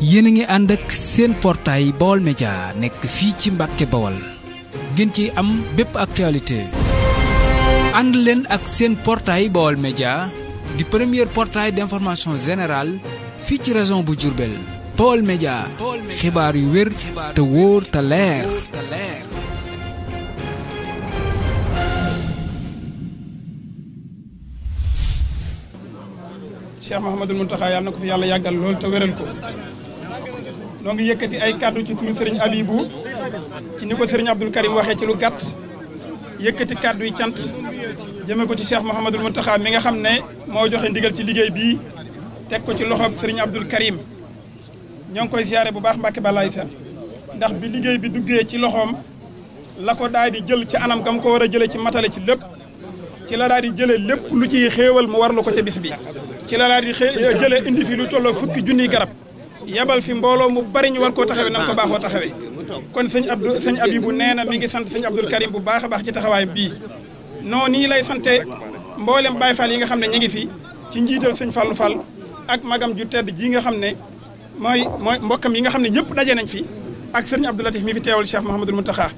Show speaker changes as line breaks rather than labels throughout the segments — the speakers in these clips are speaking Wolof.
yéen a ngi ànd ak seen portail Baol Média nekk fii ci Mbàkke Baol ngeen ci am bépp actualité ànd leen ak seen portail Baol media di premier portail d'information générale fii ci région bu Diourbel Baol Média xibaar yu wér te wóor te leer
yàlla ko yàlla yàggal lool te wéral ko noo ngi yëkkati ay kàddu ci turu Serigne Abibou ci ni ko Serigne Abdoul Karim waxee ci lu gàtt yëkkati kàddu yi cant jëmee ko ci Cheikh Mouhamadul Mountakha mi nga xam ne moo joxe ndigal ci liggéey bi teg ko ci loxoob sëriñ Abdoul Karim ñoo ngi koy siyaare bu baax Mbàkke Balaay sa ndax bi liggéey bi duggee ci loxoom la ko daal di jël ci anam gam ko war a jëlee ci matale ci lépp ci la daal di jëlee lépp lu ciy xéewal mu warlu ko ca bis bi ci la daal di jëlee indi fi lu tolloo fukki junniy garab yabal fi mbooloo mu bari ñu war koo taxawee na ko baaxoo taxawee kon sëñ Abdou sëñ Abibou nee na mi ngi sant sëñ Abdoul Karim bu baax baax ci taxawaayam bii non nii lay sante mboolem Baye Fall yi nga xam ne ñu ngi fi ci njiital sëñ Fallou Fall ak magam ju tedd ji nga xam ne mooy mooy mbokkam yi nga xam ne ñëpp daje nañ fi ak sëñ Abdou Latif mi fi teewal Cheikh Mouhamadul Moutakha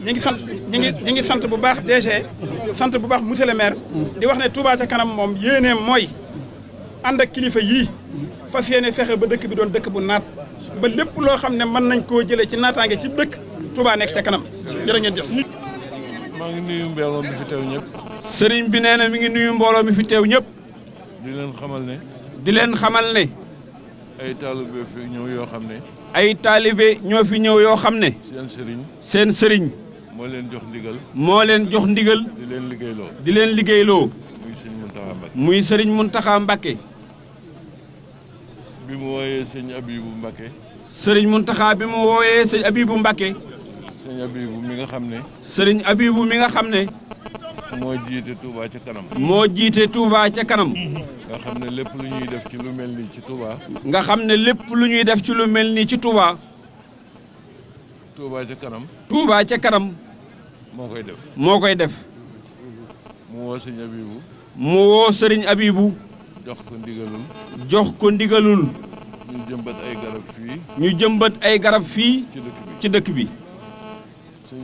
ñu ngi sant ñu ngi ñu ngi sant bu baax DG sant bu baax monsieur le maire di wax ne Touba ca kanam moom yéeneem mooy ànd ak kilifa yii fas yéene fexe ba dëkk bi doon dëkk bu naat ba lépp loo xam ne mën nañ koo jëlee ci naataange ci dëkk Touba nekk ca kanam jërë ngeen jëf.
maa ngi sëriñ bi nee na mi ngi nuyu mbooloo mi fi teew ñëpp. leen xamal ne. di leen xamal ne. ay yoo xam ne. ay
taalibe ñoo fi ñëw yoo xam ne. seen sëriñ. seen sëriñ.
moo leen jox ndigal. moo
leen jox ndigal. leen liggéeyloo. di leen liggéeyloo. muy sëriñ Muntaxa
Mbàkke. muy bi mu wooyee sëñ Abibu Mbakke. sëriñ Muntaxa bi mu wooyee sëñ Abibu Mbakke. sëñ Abibu mi nga xam ne. sëriñ Abibu mi nga xam ne. moo jiite Touba ca kanam. moo
jiite Touba ca kanam.
xam ne lépp lu ñuy def ci lu mel nii ci Touba.
nga xam ne lépp lu ñuy def ci lu mel nii ci Touba.
Touba ca kanam.
Touba ca kanam. moo koy def. moo koy def.
mu
woo sëriñ Abibu.
jox ko ndigalul.
jox ko ndigalul.
ñu jëmbat ay garab fii.
ñu jëmbat ay garab fii. ci dëkk bi ci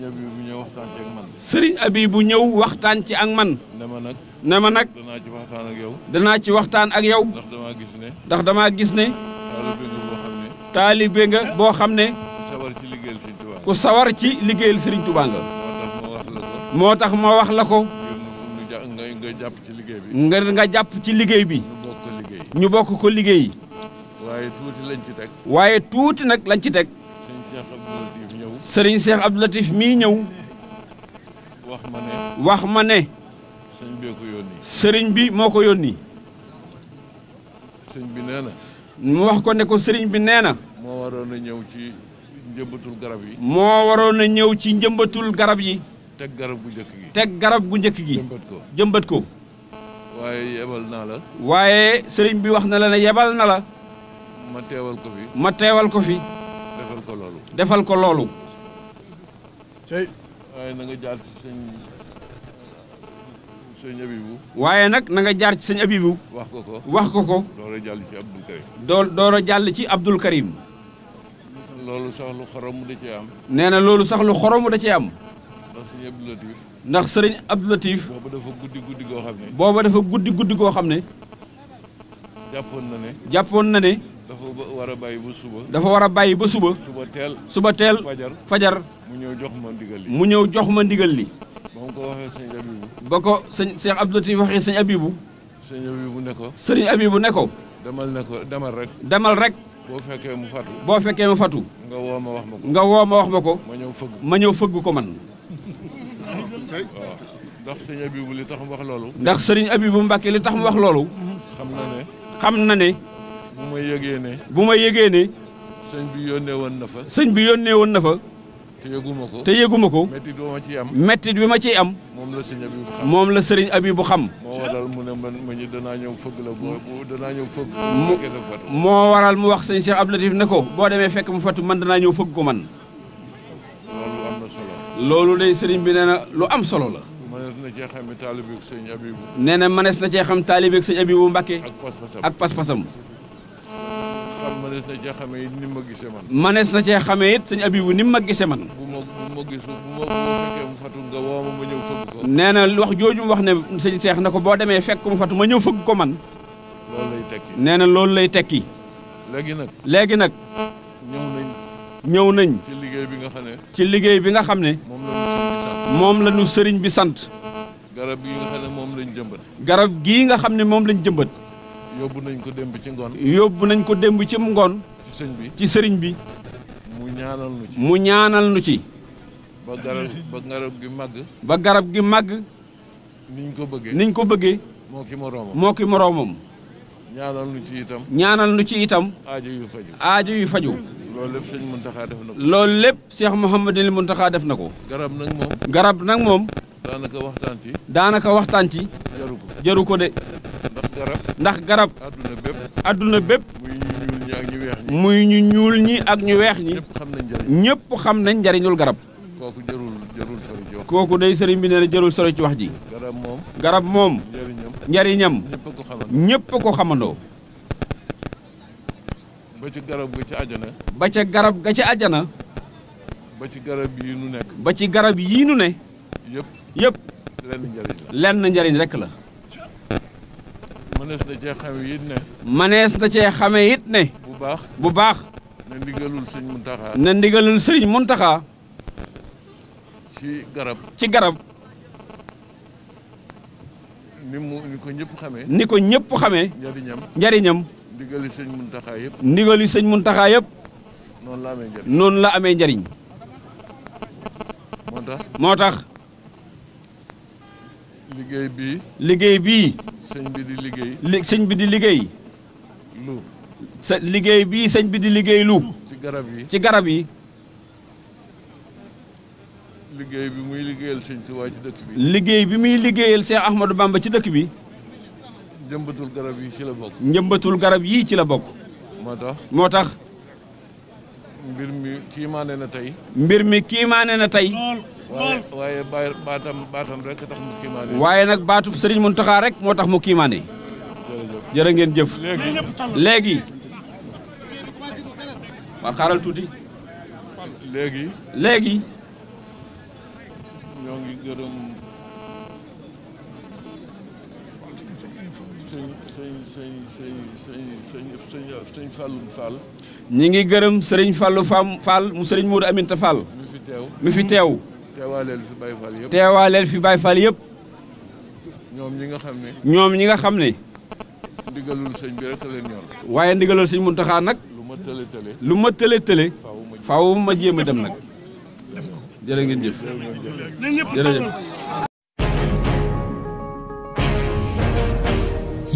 bu ñëw waxtaan ci ak man. ne ma nag. ne ma nag. danaa ci waxtaan ak yow. danaa ci waxtaan ak yow. ndax damaa gis ne. ndax damaa gis ne. taalibe nga boo xam ne. ku sawar ci liggéeyal sëriñ Tuubaa nga. moo tax ma wax la ko.
nga jàpp ci liggéey bi. nga nga
jàpp ci liggéey bi. ñu bokk ko liggéey. ñu bokk ko liggéey.
waaye tuuti lañ ci teg.
waaye tuuti nag lañ ci teg. Serigne Cheikh Abdou Latif ñëw. wax ma ne. wax ma ne. sëriñ bee ko sëriñ bi moo ko yónni. sëriñ bi nee na. wax ko ne ko sëriñ bi nee na.
moo waroon a ñëw
ci njëmbatul garab yi. teg garab gu njëkk gi. teg garab gu njëkk gi. jëmbat ko jëmbat ko.
waaye yebal naa la.
waaye sëriñ bi wax na la ne yebal na la.
ma teewal ko fi. ma teewal ko fi. defal ko loolu. defal ko loolu. waaye na nga jaar ci
waaye nag nanga jaar ci sëñ Abibu.
wax ko ko wax ko ko. doora jàll ci Abdul Karim.
doo doora jàll ci Abdul
loolu sax nee na loolu sax lu xoromu da cee am. ndax sëriñ Abdou ndax sëriñ Abdou Latif. booba dafa guddi guddi goo xam ne. booba
dafa guddi guddi goo xam ne.
jàppoon na ne. jàppoon na ne. dafa war a bàyyi ba suba. dafa war a bàyyi ba suba. suba teel. suba
teel fajar fajar.
mu ñëw jox ma ndigal li. mu ñëw jox ma ndigal li. ba mu ko waxee sëñ Abibu.
ba ko sëñ Cheikh Abdou Latif waxee sëñ Abibu.
sëñ Abibu ne ko.
sëriñ Abibu ne ko.
demal ne ko demal rek. demal rek. boo fekkee mu fatu. boo fekkee mu fatu. nga woo ma wax ma ko. nga
woo ma wax ma ko. ma ñëw fëgg ma ñëw fëgg ko man.
waaw ndax sëñ Abibu li tax mu wax loolu. ndax sëriñ Abibu Mbàkke li tax mu wax loolu. xam na ne. xam na ne. bu ma yëgee ne.
bu ma yëgee ne.
sëñ bi yónnee woon na fa.
sëñ bi yónnee woon na fa.
te yëguma ko te yëguma ko. mettit bi ma ciy am.
mettit bi ma ciy moom la sëñ Abibu xam moom la sëriñ Abibu xam. moo
waral mu ne ma ñu danaa ñëw fëgg la boo danaa
moo waral mu wax sëñ Cheikh Abdou Latif ne ko boo demee fekk mu fatu man danaa ñëw fëgg ko man.
loolu day sëriñ bi nee na
lu am solo la.
mënees na cee xam taalibeeg sëñ Abibu. nee na mënees na cee xam taalibeeg sëñ Abibu Mbàkke. ak pas-pasam ak pas-pasam. mënees na cee xamee it ni ma gisee man. mënees na cee
xamee it sëñ Abibu ni ma gisee man.
bu ma bu fatu nga woo ma
nee na wax jooju wax ne sëñ Seex na ko boo demee fekk mu fatu ma ñëw fëgg ko man. loolu lay tekki nee na loolu lay tekki. léegi nag léegi nag. ñëw nañ. ci liggéey bi nga xam ne. ci liggéey bi nga xam ne. moom la ñu sëriñ bi sant.
garab gii nga xam ne moom lañ jëmbat.
garab gii nga xam ne moom lañ jëmbat.
yóbbu nañ ko démb ci ngoon. yóbbu
nañ ko démb ci ngoon. ci sëñ bi ci sëriñ bi.
mu ñaanal nu
ci mu ñaanal nu ci. ba garab gi màgg. ba ko bëggee niñ ko bëggee.
moo ki moroomam moo
ki moroomam.
ñaanal nu ci itam. ci itam. aajo yu faju
aajo yu faju
loolu lépp sëñ Muntaxa def na ko.
loolu lépp Cheikh Mouhamadul Muntaxa def na ko.
garab nag moom.
garab nag moom.
daanaka waxtaan ci.
daanaka waxtaan ci. jaru ko jaru ko de. ndax garab. ndax garab. adduna bépp. muy ñu ñuul ñi ak ñu weex ñi. ñëpp xam nañ njëriñ. ñëpp xam nañ njëriñul garab.
kooku jarul jarul sori kooku day sëriñ bi nee na jarul sori ci wax ji. garab moom. garab moom. njëriñam. njëriñam.
ñëpp a ko xamandoo.
ba ci garab ga ci àjjana.
ba ca garab ga ci àjjana.
ba ci garab yii nu nekk.
ba ci garab yii nu ne.
yëpp yëpp. lenn njariñ
la lenn njëriñ rek la.
manees na cee xame it ne.
cee xame it
bu baax bu baax. na
ndigalul sëriñ Muntaxa. Muntaxa.
ci garab ci garab. ni mu ni ko ñëpp xamee. ni ko ñëpp xamee. njëriñam njëriñam. ndigali sëñ Muntaxa yëpp.
sëñ Muntaxa yëpp. noonu la amee njariñ noonu moo tax moo tax.
liggéey bi liggéey sëñ bi di liggéey. li
sëñ bi di liggéey. lu. sa liggéey bi sëñ bi di liggéey lu.
ci garab yi ci garab yi. liggéey bi muy liggéeyal sëñ Tuubaa ci dëkk bi. liggéey
bi muy liggéeyal Cheikh Ahmadou Bamba ci dëkk bi.
njëmbatul garab yi ci la bokk.
njëmbatul garab yii ci la bokk. moo tax moo tax.
mbir mi kiimaane na tey.
mbir mi kiimaane na tey.
waaye waaye baatam baatam rek tax mu kiimaane. waaye
nag baatu Serigne Mountakha rek moo tax mu kiimaane. jërëjëf ngeen jëf. léegi. waa xaaral tuuti.
léegi. léegi. ñoo sëñ sëñ sëñ
ñi ngi gërëm sëriñ Fallou Fall mu sëriñ Mourou Aminta Fall. mi fi teew mi fi teew.
teewaaleel fi Baye Fall yëpp ñoom ñi nga xam ne.
ñoom ñi nga xam ne.
ndigalul sëñ bi rek a leen ñor.
waaye ndigalul sëñ Mountakha nag. lu ma tële tële. lu ma tële dem nag. jërë ngeen jëf